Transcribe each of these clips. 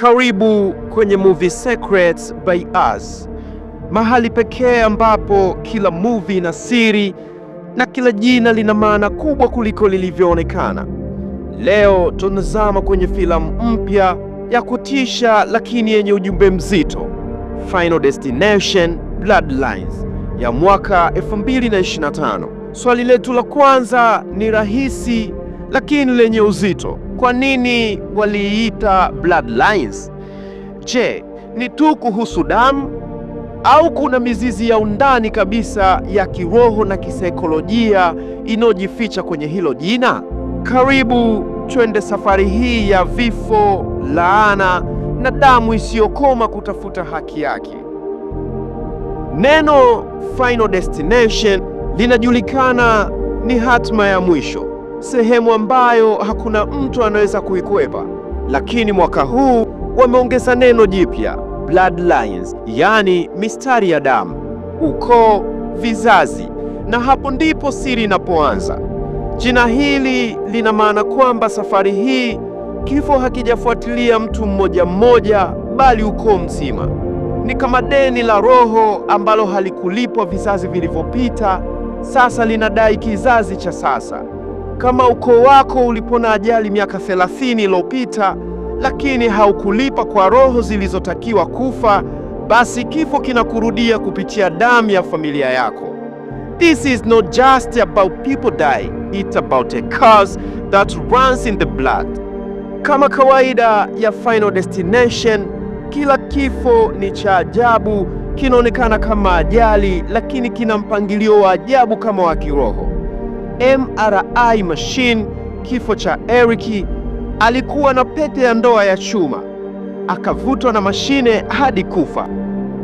Karibu kwenye Movie Secrets by Us, mahali pekee ambapo kila movie ina siri na kila jina lina maana kubwa kuliko lilivyoonekana. Leo tunazama kwenye filamu mpya ya kutisha lakini yenye ujumbe mzito, Final Destination Bloodlines ya mwaka 2025. Swali letu la kwanza ni rahisi lakini lenye uzito. Kwa nini waliiita bloodlines? Je, ni tu kuhusu damu au kuna mizizi ya undani kabisa ya kiroho na kisaikolojia inayojificha kwenye hilo jina? Karibu twende safari hii ya vifo, laana na damu isiyokoma kutafuta haki yake. Neno Final Destination linajulikana ni hatima ya mwisho sehemu ambayo hakuna mtu anaweza kuikwepa. Lakini mwaka huu wameongeza neno jipya bloodlines, yaani mistari ya damu, ukoo, vizazi, na hapo ndipo siri inapoanza. Jina hili lina maana kwamba safari hii kifo hakijafuatilia mtu mmoja mmoja, bali ukoo mzima. Ni kama deni la roho ambalo halikulipwa vizazi vilivyopita, sasa linadai kizazi cha sasa. Kama ukoo wako ulipona ajali miaka 30 iliyopita, lakini haukulipa kwa roho zilizotakiwa kufa, basi kifo kinakurudia kupitia damu ya familia yako. This is not just about people die, it's about a curse that runs in the blood. Kama kawaida ya Final Destination, kila kifo ni cha ajabu, kinaonekana kama ajali, lakini kina mpangilio wa ajabu kama wa kiroho. MRI machine, kifo cha Eric. Alikuwa na pete ya ndoa ya chuma, akavutwa na mashine hadi kufa.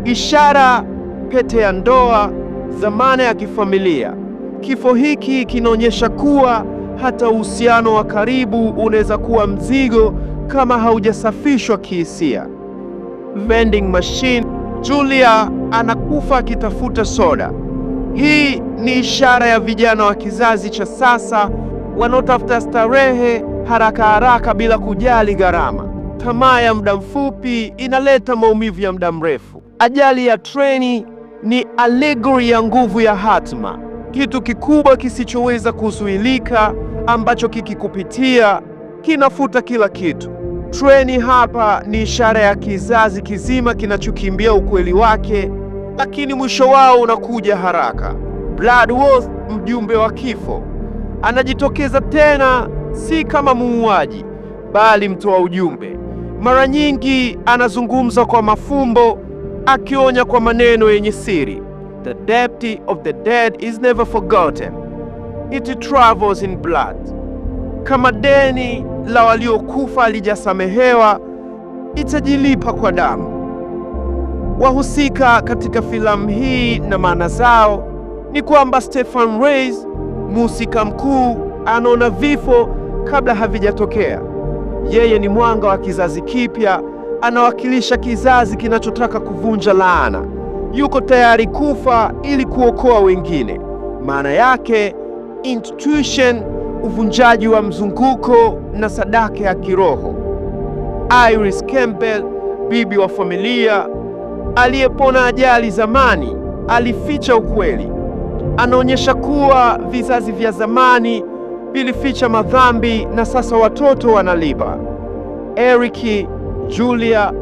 Ishara pete ya ndoa, zamana ya kifamilia. Kifo hiki kinaonyesha kuwa hata uhusiano wa karibu unaweza kuwa mzigo kama haujasafishwa kihisia. Vending machine. Julia anakufa akitafuta soda. Hii ni ishara ya vijana wa kizazi cha sasa wanaotafuta starehe haraka haraka bila kujali gharama. Tamaa ya muda mfupi inaleta maumivu ya muda mrefu. Ajali ya treni ni allegory ya nguvu ya hatma kitu kikubwa kisichoweza kuzuilika ambacho kikikupitia kinafuta kila kitu. Treni hapa ni ishara ya kizazi kizima kinachokimbia ukweli wake lakini mwisho wao unakuja haraka. Bloodworth, mjumbe wa kifo, anajitokeza tena, si kama muuaji, bali mtoa ujumbe. Mara nyingi anazungumza kwa mafumbo, akionya kwa maneno yenye siri. The debt of the dead is never forgotten, it travels in blood. Kama deni la waliokufa alijasamehewa, itajilipa kwa damu. Wahusika katika filamu hii na maana zao ni kwamba Stefan Reis, mhusika mkuu, anaona vifo kabla havijatokea. Yeye ni mwanga wa kizazi kipya, anawakilisha kizazi kinachotaka kuvunja laana. Yuko tayari kufa ili kuokoa wengine. Maana yake intuition, uvunjaji wa mzunguko na sadaka ya kiroho. Iris Campbell, bibi wa familia aliyepona ajali zamani alificha ukweli. Anaonyesha kuwa vizazi vya zamani vilificha madhambi na sasa watoto wanalipa. Eric, Julia,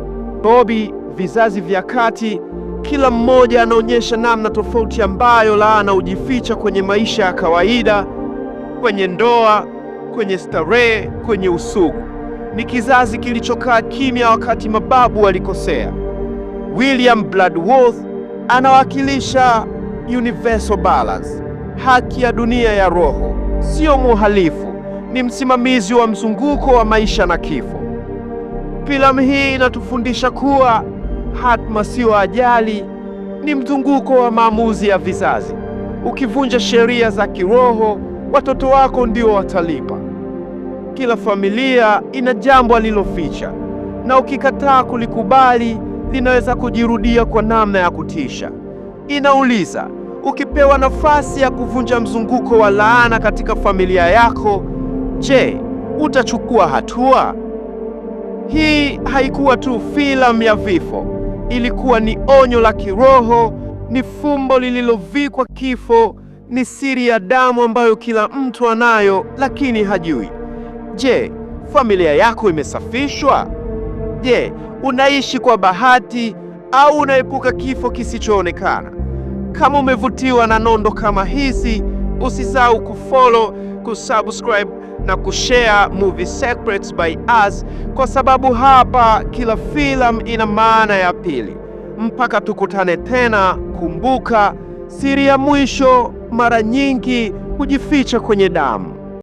Bobby, vizazi vya kati, kila mmoja anaonyesha namna tofauti ambayo laana hujificha kwenye maisha ya kawaida, kwenye ndoa, kwenye starehe, kwenye usugu. Ni kizazi kilichokaa kimya wakati mababu walikosea. William Bloodworth anawakilisha universal balance, haki ya dunia ya roho. Sio muhalifu, ni msimamizi wa mzunguko wa maisha na kifo. Filamu hii inatufundisha kuwa hatma sio ajali, ni mzunguko wa maamuzi ya vizazi. Ukivunja sheria za kiroho, watoto wako ndio watalipa. Kila familia ina jambo aliloficha, na ukikataa kulikubali linaweza kujirudia kwa namna ya kutisha. Inauliza, ukipewa nafasi ya kuvunja mzunguko wa laana katika familia yako, je, utachukua hatua? Hii haikuwa tu filamu ya vifo, ilikuwa ni onyo la kiroho, ni fumbo lililovikwa kifo, ni siri ya damu ambayo kila mtu anayo lakini hajui. Je, familia yako imesafishwa? Je, unaishi kwa bahati au unaepuka kifo kisichoonekana. Kama umevutiwa na nondo kama hizi, usisahau kufollow, kusubscribe na kushare Movie Secrets by Us, kwa sababu hapa kila filamu ina maana ya pili. Mpaka tukutane tena, kumbuka siri ya mwisho mara nyingi hujificha kwenye damu.